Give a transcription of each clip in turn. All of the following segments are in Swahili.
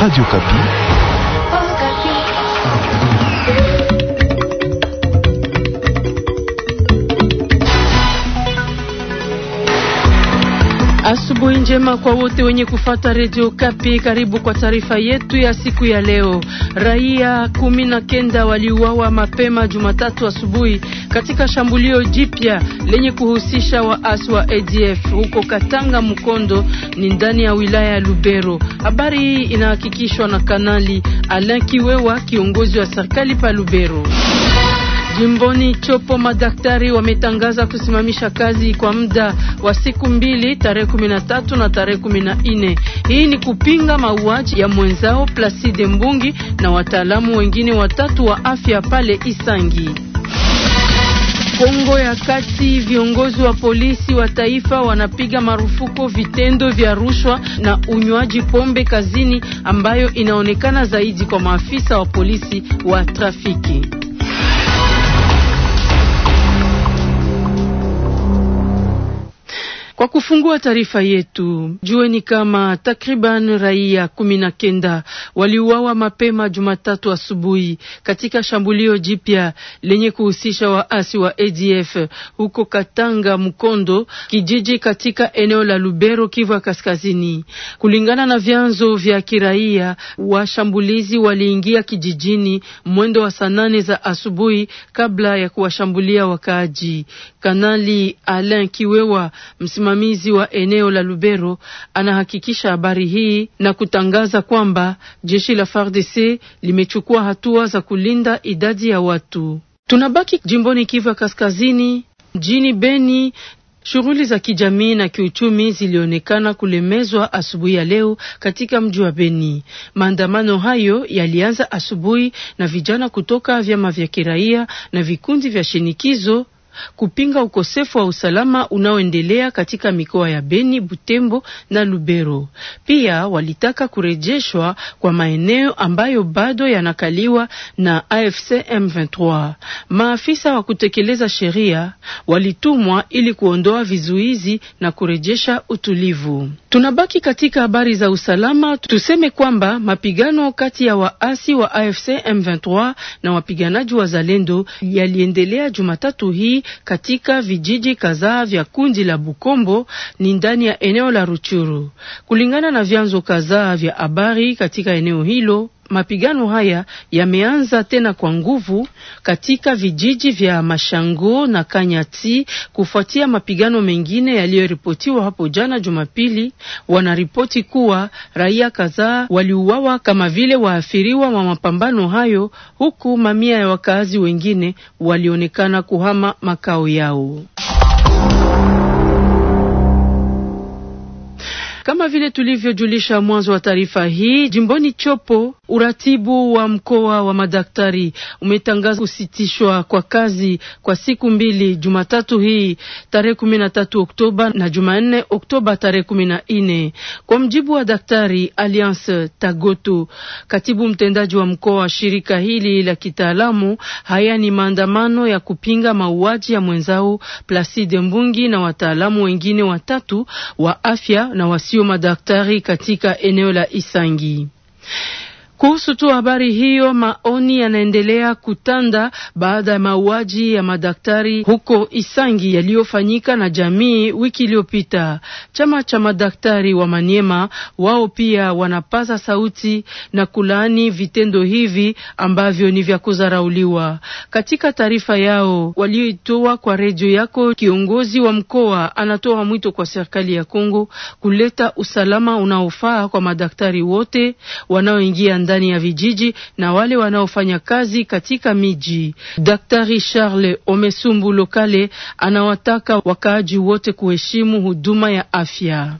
Radio Kapi. Asubuhi njema kwa wote wenye kufata Radio Kapi. Karibu kwa taarifa yetu ya siku ya leo. Raia kumi na kenda waliuawa mapema Jumatatu asubuhi katika shambulio jipya lenye kuhusisha waasi wa ADF huko Katanga Mkondo ni ndani ya wilaya ya Lubero. Habari hii inahakikishwa na Kanali Alain Kiwewa, kiongozi wa serikali pa Lubero. Jimboni Chopo, madaktari wametangaza kusimamisha kazi kwa muda wa siku mbili tarehe 13 na tarehe 14. Hii ni kupinga mauaji ya mwenzao Placide Mbungi na wataalamu wengine watatu wa afya pale Isangi. Kongo ya Kati, viongozi wa polisi wa taifa wanapiga marufuku vitendo vya rushwa na unywaji pombe kazini ambayo inaonekana zaidi kwa maafisa wa polisi wa trafiki. Kwa kufungua taarifa yetu, jueni kama takriban raia kumi na kenda waliuawa mapema Jumatatu asubuhi katika shambulio jipya lenye kuhusisha waasi wa ADF huko Katanga Mkondo, kijiji katika eneo la Lubero, Kivu ya Kaskazini. Kulingana na vyanzo vya kiraia, washambulizi waliingia kijijini mwendo wa saa nane za asubuhi kabla ya kuwashambulia wakaaji. Kanali Alain Kiwewa msimamizi msimamizi wa eneo la Lubero anahakikisha habari hii na kutangaza kwamba jeshi la FARDC limechukua hatua za kulinda idadi ya watu. Tunabaki jimboni Kivu ya Kaskazini, mjini Beni. Shughuli za kijamii na kiuchumi zilionekana kulemezwa asubuhi ya leo katika mji wa Beni. Maandamano hayo yalianza asubuhi na vijana kutoka vyama vya kiraia na vikundi vya shinikizo kupinga ukosefu wa usalama unaoendelea katika mikoa ya Beni, Butembo na Lubero. Pia walitaka kurejeshwa kwa maeneo ambayo bado yanakaliwa na AFC M23. Maafisa wa kutekeleza sheria walitumwa ili kuondoa vizuizi na kurejesha utulivu. Tunabaki katika habari za usalama, tuseme kwamba mapigano kati ya waasi wa AFC M23 na wapiganaji wa Zalendo yaliendelea Jumatatu hii katika vijiji kadhaa vya kundi la Bukombo ni ndani ya eneo la Ruchuru, kulingana na vyanzo kadhaa vya habari katika eneo hilo mapigano haya yameanza tena kwa nguvu katika vijiji vya Mashango na Kanyati kufuatia mapigano mengine yaliyoripotiwa hapo jana Jumapili. Wanaripoti kuwa raia kadhaa waliuawa kama vile waathiriwa wa mapambano hayo, huku mamia ya wakaazi wengine walionekana kuhama makao yao. Kama vile tulivyojulisha mwanzo wa taarifa hii, jimboni Chopo, uratibu wa mkoa wa madaktari umetangaza kusitishwa kwa kazi kwa siku mbili, Jumatatu hii tarehe kumi na tatu Oktoba na Jumanne Oktoba tarehe kumi na nne. Kwa mjibu wa Daktari Alliance Tagoto, katibu mtendaji wa mkoa wa shirika hili la kitaalamu, haya ni maandamano ya kupinga mauaji ya mwenzao Placide Mbungi na wataalamu wengine watatu wa afya na wasio sio madaktari katika eneo la Isangi. Kuhusu tu habari hiyo, maoni yanaendelea kutanda baada ya mauaji ya madaktari huko Isangi yaliyofanyika na jamii wiki iliyopita. Chama cha madaktari wa Maniema wao pia wanapaza sauti na kulaani vitendo hivi ambavyo ni vya kudharauliwa. Katika taarifa yao walioitoa kwa redio yako, kiongozi wa mkoa anatoa mwito kwa serikali ya Kongo kuleta usalama unaofaa kwa madaktari wote wanaoingia ndani ya vijiji na wale wanaofanya kazi katika miji. Daktari Charles Omesumbu Lokale anawataka wakaaji wote kuheshimu huduma ya afya.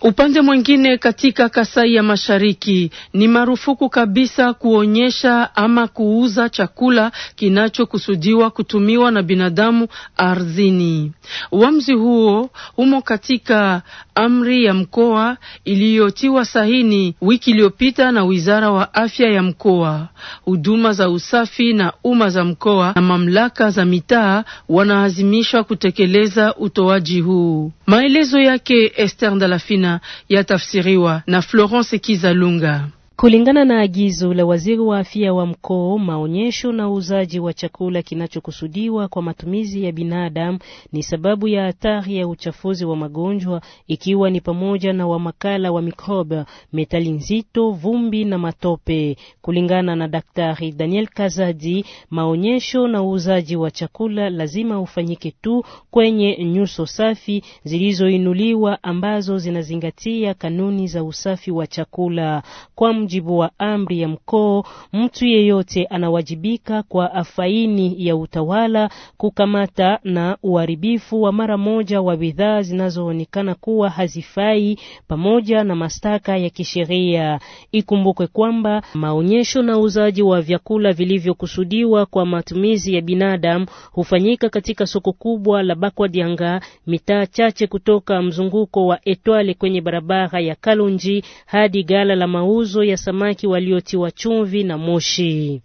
Upande mwingine katika Kasai ya Mashariki ni marufuku kabisa kuonyesha ama kuuza chakula kinachokusudiwa kutumiwa na binadamu ardhini. Uamuzi huo umo katika amri ya mkoa iliyotiwa sahini wiki iliyopita na wizara wa afya ya mkoa. Huduma za usafi na umma za mkoa na mamlaka za mitaa wanaazimishwa kutekeleza utoaji huu. Maelezo yake Esther dalafina yatafsiriwa na Florence Kizalunga. Kulingana na agizo la waziri wa afya wa mkoa, maonyesho na uuzaji wa chakula kinachokusudiwa kwa matumizi ya binadamu ni sababu ya hatari ya uchafuzi wa magonjwa, ikiwa ni pamoja na wamakala wa mikrobe, metali nzito, vumbi na matope. Kulingana na Daktari Daniel Kazadi, maonyesho na uuzaji wa chakula lazima ufanyike tu kwenye nyuso safi zilizoinuliwa ambazo zinazingatia kanuni za usafi wa chakula kwa mujibu wa amri ya mkoo, mtu yeyote anawajibika kwa afaini ya utawala, kukamata na uharibifu wa mara moja wa bidhaa zinazoonekana kuwa hazifai pamoja na mashtaka ya kisheria. Ikumbukwe kwamba maonyesho na uuzaji wa vyakula vilivyokusudiwa kwa matumizi ya binadamu hufanyika katika soko kubwa la Bakwadianga, mitaa chache kutoka mzunguko wa Etwale kwenye barabara ya Kalonji hadi gala la mauzo ya samaki waliotiwa chumvi na moshi.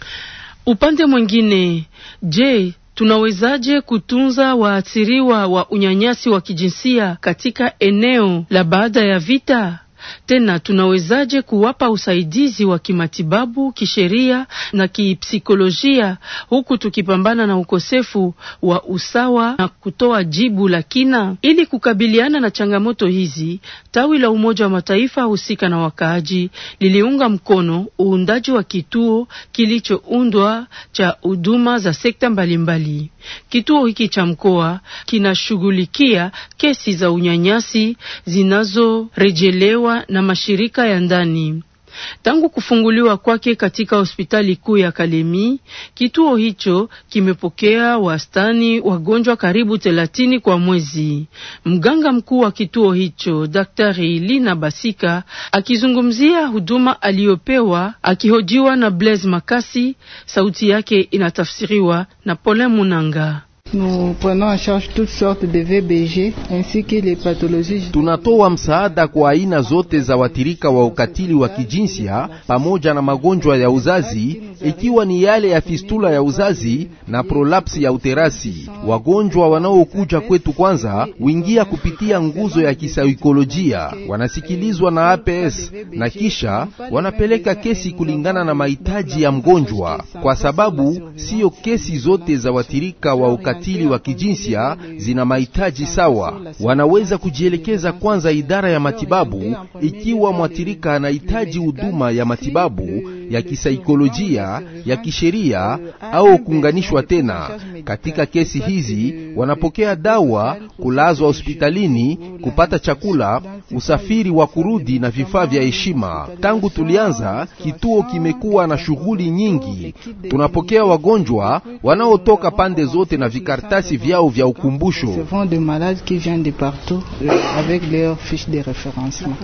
Upande mwingine, je, tunawezaje kutunza waathiriwa wa unyanyasi wa kijinsia katika eneo la baada ya vita? Tena tunawezaje kuwapa usaidizi wa kimatibabu, kisheria na kipsikolojia, huku tukipambana na ukosefu wa usawa na kutoa jibu la kina ili kukabiliana na changamoto hizi. Tawi la Umoja wa Mataifa husika na wakaaji liliunga mkono uundaji wa kituo kilichoundwa cha huduma za sekta mbalimbali mbali. Kituo hiki cha mkoa kinashughulikia kesi za unyanyasi zinazorejelewa na mashirika ya ndani. Tangu kufunguliwa kwake katika hospitali kuu ya Kalemi, kituo hicho kimepokea wastani wagonjwa karibu thelathini kwa mwezi. Mganga mkuu wa kituo hicho Daktari Lina Basika akizungumzia huduma aliyopewa akihojiwa na Blaise Makasi, sauti yake inatafsiriwa na Pole Munanga. Nous prenons en charge toutes sortes de VBG ainsi que les pathologies. Tunatoa msaada kwa aina zote za watirika wa ukatili wa kijinsia pamoja na magonjwa ya uzazi ikiwa ni yale ya fistula ya uzazi na prolapsi ya uterasi. Wagonjwa wanaokuja kwetu kwanza wingia kupitia nguzo ya kisaikolojia, wanasikilizwa na APS na kisha wanapeleka kesi kulingana na mahitaji ya mgonjwa, kwa sababu siyo kesi zote za watirika wa ukatili ukatili wa kijinsia zina mahitaji sawa. Wanaweza kujielekeza kwanza idara ya matibabu, ikiwa mwathirika anahitaji huduma ya matibabu ya kisaikolojia, ya kisheria au kuunganishwa tena. Katika kesi hizi wanapokea dawa, kulazwa hospitalini, kupata chakula, usafiri wa kurudi na vifaa vya heshima. Tangu tulianza kituo kimekuwa na shughuli nyingi. Tunapokea wagonjwa wanaotoka pande zote na vika Nous avons Ce sont des malades qui viennent de partout euh, avec leurs fiches de référencement.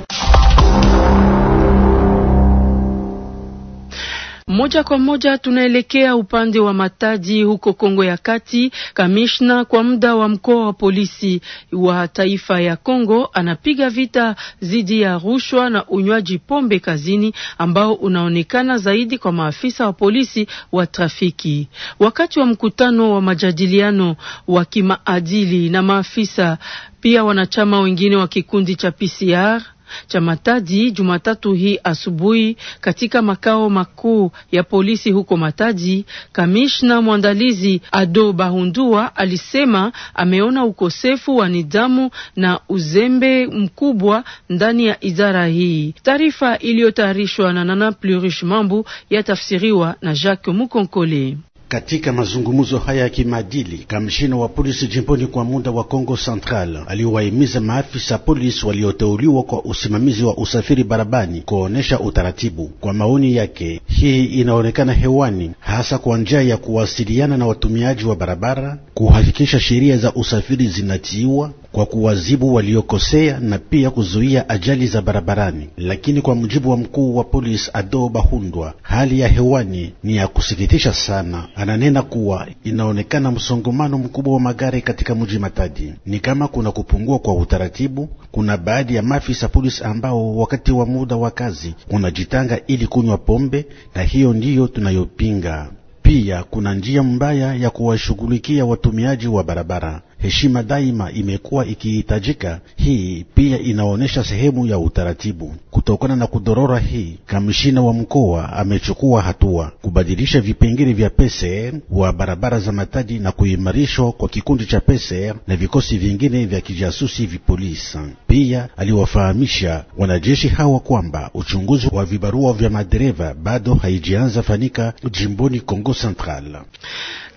Moja kwa moja tunaelekea upande wa mataji huko Kongo ya Kati. Kamishna kwa muda wa mkoa wa polisi wa taifa ya Kongo anapiga vita dhidi ya rushwa na unywaji pombe kazini ambao unaonekana zaidi kwa maafisa wa polisi wa trafiki. Wakati wa mkutano wa majadiliano wa kimaadili na maafisa pia wanachama wengine wa kikundi cha PCR cha Matadi Jumatatu hii asubuhi katika makao makuu ya polisi huko Matadi, kamishna mwandalizi Ado Bahundua alisema ameona ukosefu wa nidhamu na uzembe mkubwa ndani ya idara hii. Taarifa iliyotayarishwa na Nana Plurish Mambu yatafsiriwa na Jacques Mukonkole. Katika mazungumzo haya ya kimaadili, kamishina wa polisi jimboni kwa muda wa Kongo Central aliwahimiza maafisa polisi walioteuliwa kwa usimamizi wa usafiri barabani kuonesha utaratibu. Kwa maoni yake, hii inaonekana hewani, hasa kwa njia ya kuwasiliana na watumiaji wa barabara, kuhakikisha sheria za usafiri zinatiiwa kwa kuwazibu waliokosea na pia kuzuia ajali za barabarani. Lakini kwa mujibu wa mkuu wa polisi Ado Bahundwa, hali ya hewani ni ya kusikitisha sana ananena kuwa inaonekana msongamano mkubwa wa magari katika mji Matadi, ni kama kuna kupungua kwa utaratibu. Kuna baadhi ya maafisa polisi ambao wakati wa muda wa kazi wanajitanga ili kunywa pombe, na hiyo ndiyo tunayopinga. Pia kuna njia mbaya ya kuwashughulikia watumiaji wa barabara heshima daima imekuwa ikihitajika. Hii pia inaonyesha sehemu ya utaratibu. Kutokana na kudorora hii, kamishina wa mkoa amechukua hatua kubadilisha vipengele vya pese wa barabara za Matadi na kuimarishwa kwa kikundi cha pese na vikosi vingine vya kijasusi vipolisi. Pia aliwafahamisha wanajeshi hawa kwamba uchunguzi wa vibarua vya madereva bado haijianza fanika jimboni Kongo Central.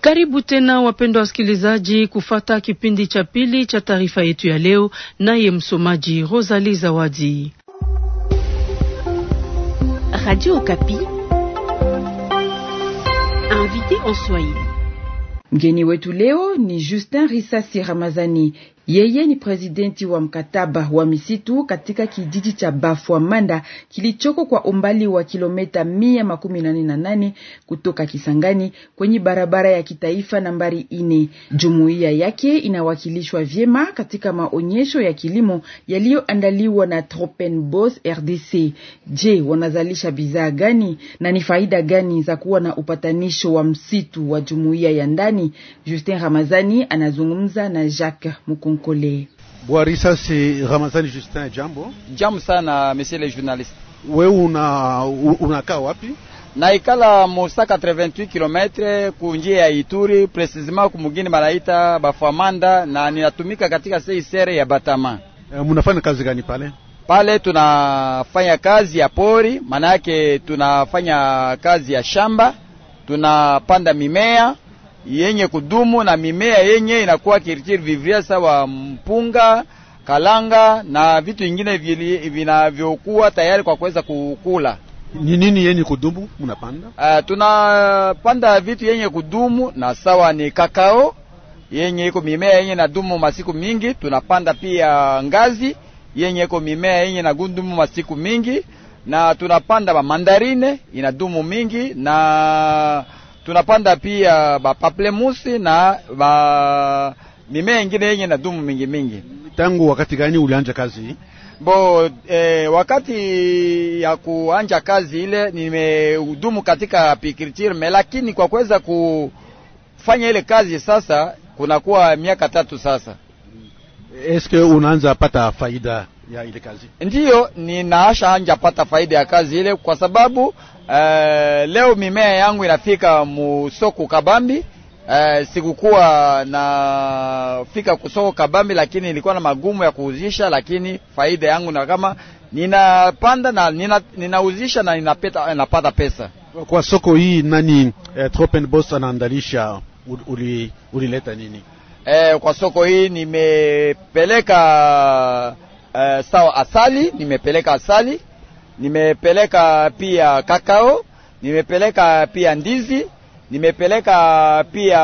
Karibu tena wapendwa wasikilizaji, kufata kipindi cha pili cha taarifa yetu ya leo, naye msomaji Rosalie Zawadi, Radio Okapi. Invité en Swahili, mgeni wetu leo ni Justin Risasi Ramazani. Yeye ni presidenti wa mkataba wa misitu katika kijiji cha manda kilichoko kwa umbali wa kilomita mia makumi nane na nane kutoka Kisangani kwenye barabara ya kitaifa nambari ine. Jumuiya yake inawakilishwa vyema katika maonyesho ya kilimo yaliyoandaliwa na Boss RDC. Je, wanazalisha bidhaa gani na ni faida gani za kuwa na upatanisho wa msitu wa jumuiya ya ndani? Justin Ramazani anazungumza na Jacques Mukungu. Konkole. Bwarisa, si Ramazani Justin, jambo. Jambo sana monsieur le journaliste. We una unakaa wapi? Naikala Mosa 88 kilometre kunjia ya Ituri, precisement kumugini banaita Bafamanda, na ninatumika katika sei sere ya Batama. E, eh, munafanya kazi gani pale? Pale tunafanya kazi ya pori, maana yake tunafanya kazi ya shamba, tunapanda mimea yenye kudumu na mimea yenye inakuwa kirikiri vivria sawa mpunga, kalanga na vitu vingine vinavyokuwa tayari kwa kuweza kukula. Ni nini yenye kudumu mnapanda? Uh, tunapanda vitu yenye kudumu na sawa ni kakao yenye iko mimea yenye nadumu masiku mingi. Tunapanda pia ngazi yenye iko mimea yenye nagudumu masiku mingi, na tunapanda mandarine inadumu mingi na tunapanda pia bapaplemusi na ba mimea ingine yenye na dumu mingi mingi. Tangu wakati gani ulianja kazi? Bo eh, wakati ya kuanja kazi ile nimehudumu katika apiculture me, lakini kwa kuweza kufanya ile kazi sasa kunakuwa miaka tatu sasa. Eske unaanza pata faida ya ile kazi? Ndiyo, ninaasha anja pata faida ya kazi ile, kwa sababu Eh, leo mimea yangu inafika musoko Kabambi. Uh, sikukuwa nafika kusoko Kabambi, lakini ilikuwa na magumu ya kuuzisha, lakini faida yangu na kama ninapanda na nina, na ninapeta, napata pesa kwa soko hii. Nani eh, Tropenbos anaandalisha uli, ulileta nini eh, kwa soko hii? Nimepeleka eh, sawa asali, nimepeleka asali nimepeleka pia kakao, nimepeleka pia ndizi, nimepeleka pia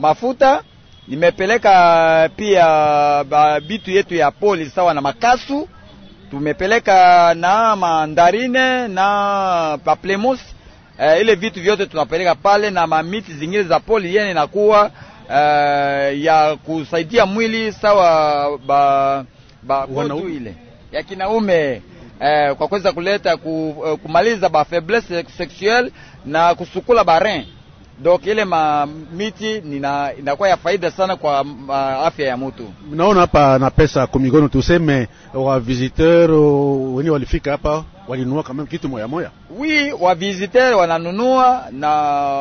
mafuta, nimepeleka pia bitu yetu ya poli sawa na makasu, tumepeleka na mandarine na paplemus. E, eh, ile vitu vyote tunapeleka pale na mamiti zingine za poli yene inakuwa uh, ya kusaidia mwili sawa ba, ba, ile ya kinaume eh, kwa kuweza kuleta eh, kumaliza ba faiblesse sexuelle na kusukula barin donc ile ma miti inakuwa ya faida sana kwa eh, afya ya mtu. Naona hapa na pesa kumigono, tuseme wa visiteur wenye walifika hapa walinunua kama kitu moya moya. Oui, wa visiteur wananunua na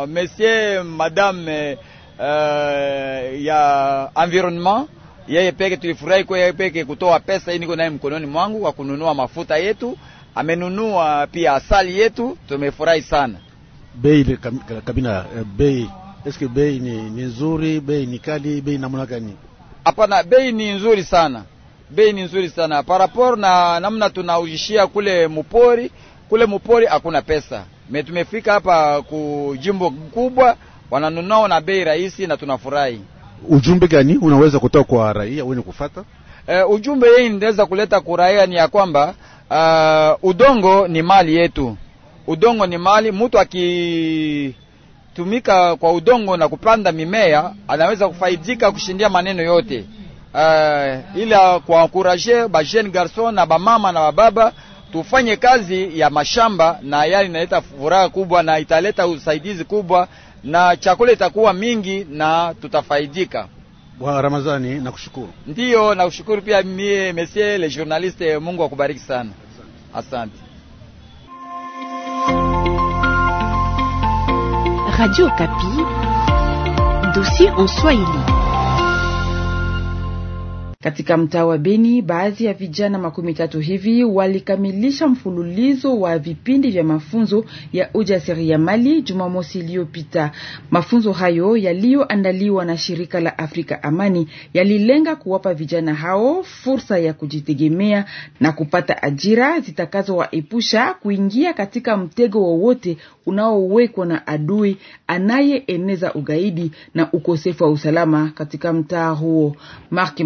monsieur madame uh, ya environnement yeye peke. Tulifurahi kwa yeye peke kutoa pesa hii, niko naye mkononi mwangu kwa kununua mafuta yetu, amenunua pia asali yetu, tumefurahi sana. Bei kabina, eh, bei eske bei ni, ni nzuri? Bei ni kali? Bei namna gani? Hapana, bei ni nzuri sana, bei ni nzuri sana parapor na namna tunaujishia kule mupori. Kule mupori hakuna pesa me, tumefika hapa kujimbo kubwa, wananunua na bei rahisi, na tunafurahi ujumbe gani unaweza kutoa kwa raia wenye kufata? Uh, ujumbe yeye inaweza kuleta kwa raia ni ya kwamba uh, udongo ni mali yetu, udongo ni mali. Mtu akitumika kwa udongo na kupanda mimea anaweza kufaidika kushindia maneno yote. Uh, ila kwa encourager ba jeune garçon na bamama na bababa tufanye kazi ya mashamba, na yali inaleta furaha kubwa na italeta usaidizi kubwa na chakula itakuwa mingi na tutafaidika. Bwana Ramadhani, nakushukuru. Ndiyo, nakushukuru pia mie monsieur le journaliste. Mungu akubariki sana, asante. Radio Kapi, dossier en Swahili. Katika mtaa wa Beni, baadhi ya vijana makumi tatu hivi walikamilisha mfululizo wa vipindi vya mafunzo ya ujasiriamali Jumamosi iliyopita. Mafunzo hayo yaliyoandaliwa na shirika la Afrika Amani yalilenga kuwapa vijana hao fursa ya kujitegemea na kupata ajira zitakazowaepusha kuingia katika mtego wowote unaowekwa na adui anayeeneza ugaidi na ukosefu wa usalama katika mtaa huo. Mark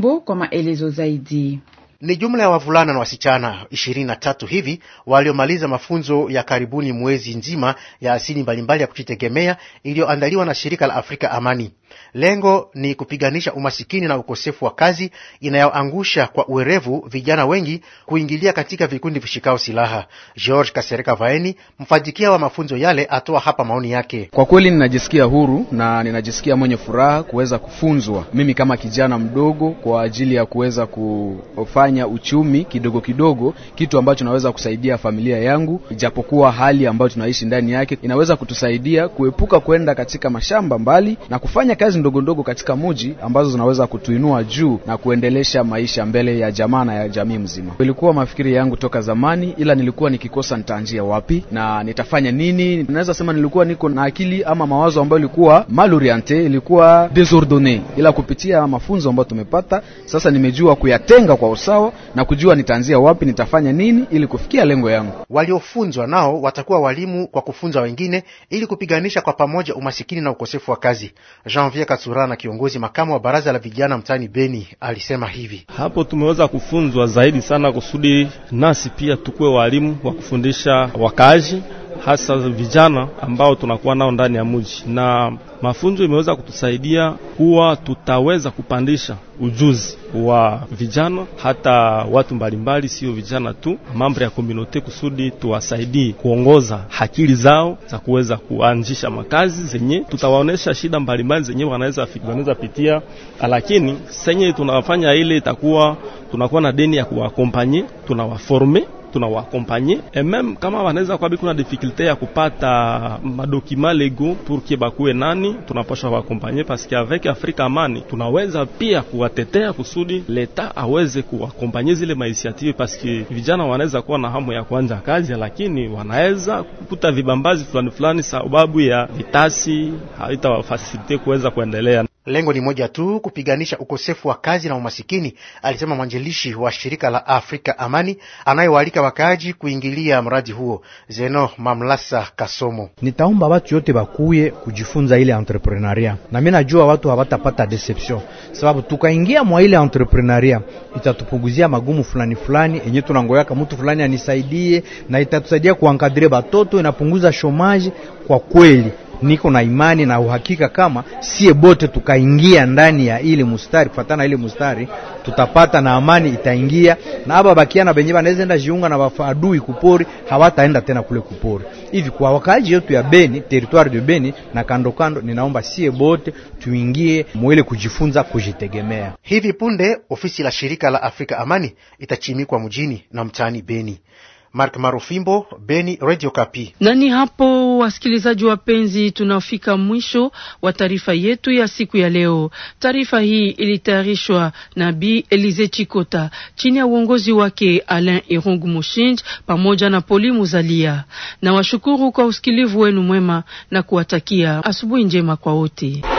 Butembo kwa maelezo zaidi. Ni jumla ya wavulana na wasichana ishirini na tatu hivi waliomaliza mafunzo ya karibuni mwezi nzima ya asili mbalimbali ya kujitegemea iliyoandaliwa na shirika la Afrika Amani. Lengo ni kupiganisha umasikini na ukosefu wa kazi inayoangusha kwa uerevu vijana wengi kuingilia katika vikundi vishikao silaha. George Kasereka Vaeni, mfajikia wa mafunzo yale, atoa hapa maoni yake. Kwa kweli ninajisikia huru na ninajisikia mwenye furaha kuweza kufunzwa mimi kama kijana mdogo kwa ajili ya kuweza kufanya uchumi kidogo kidogo, kitu ambacho naweza kusaidia familia yangu, ijapokuwa hali ambayo tunaishi ndani yake inaweza kutusaidia kuepuka kwenda katika mashamba mbali na kufanya kazi ndogo ndogo katika muji ambazo zinaweza kutuinua juu na kuendelesha maisha mbele ya jamaa na ya jamii mzima. Ilikuwa mafikiri yangu toka zamani, ila nilikuwa nikikosa nitaanzia wapi na nitafanya nini. Naweza sema nilikuwa niko na akili ama mawazo ambayo ilikuwa maloriente, ilikuwa desordone, ila kupitia mafunzo ambayo tumepata sasa, nimejua kuyatenga kwa usawa na kujua nitaanzia wapi, nitafanya nini ili kufikia lengo yangu. Waliofunzwa nao watakuwa walimu kwa kufunza wengine ili kupiganisha kwa pamoja umasikini na ukosefu wa kazi Jean Janvier na kiongozi makamu wa baraza la vijana mtaani Beni, alisema hivi: hapo tumeweza kufunzwa zaidi sana kusudi nasi pia tukue walimu wa kufundisha wakazi hasa vijana ambao tunakuwa nao ndani ya mji, na mafunzo imeweza kutusaidia kuwa tutaweza kupandisha ujuzi wa vijana hata watu mbalimbali, sio vijana tu, mambo ya komunote, kusudi tuwasaidie kuongoza akili zao za kuweza kuanzisha makazi zenye tutawaonesha shida mbalimbali zenye wanaweza wanaweza pitia, lakini senye tunafanya ile itakuwa tunakuwa na deni ya kuwakompanye, tunawaforme tunawakompanye e meme kama wanaweza kwabi na difficulté ya kupata madokima lego purke bakuwe nani, tunapashwa wakompanye paski avec afrika Mani tunaweza pia kuwatetea kusudi leta aweze kuwakompanye zile mainisiative, paski vijana wanaweza kuwa na hamu ya kuanza kazi, lakini wanaweza kukuta vibambazi fulani fulani sababu ya vitasi haitawafasilite kuweza kuendelea. Lengo ni moja tu, kupiganisha ukosefu wa kazi na umasikini, alisema mwanjilishi wa shirika la Afrika Amani anayewaalika wakaaji kuingilia mradi huo, Zeno Mamlasa Kasomo. Nitaomba watu yote bakuye kujifunza ile entrepreneuria, na mimi najua watu hawatapata deception, sababu tukaingia mwa ile entrepreneuria itatupunguzia magumu fulani fulani enye tunangoyaka mtu fulani anisaidie, na itatusaidia kuankadire batoto, inapunguza shomaji kwa kweli niko na imani na uhakika kama sie bote tukaingia ndani ya ili mustari, kufatana ili mustari tutapata na amani itaingia, na aba bakiana benye banaweza enda jiunga na wafadui kupori, hawataenda tena kule kupori. Hivi kwa wakaji yetu ya Beni, territoire de Beni na kando kando, ninaomba sie bote tuingie mwele kujifunza kujitegemea. Hivi punde ofisi la shirika la Afrika Amani itachimikwa mjini na mtaani Beni. Mark Marufimbo, Beni, Radio Kapi. Nani hapo, wasikilizaji wapenzi, tunafika mwisho wa taarifa yetu ya siku ya leo. Taarifa hii ilitayarishwa na Bi Elize Chikota chini ya uongozi wake Alain irung mushinj pamoja na Poli Muzalia. Na washukuru kwa usikilivu wenu mwema na kuwatakia asubuhi njema kwa wote.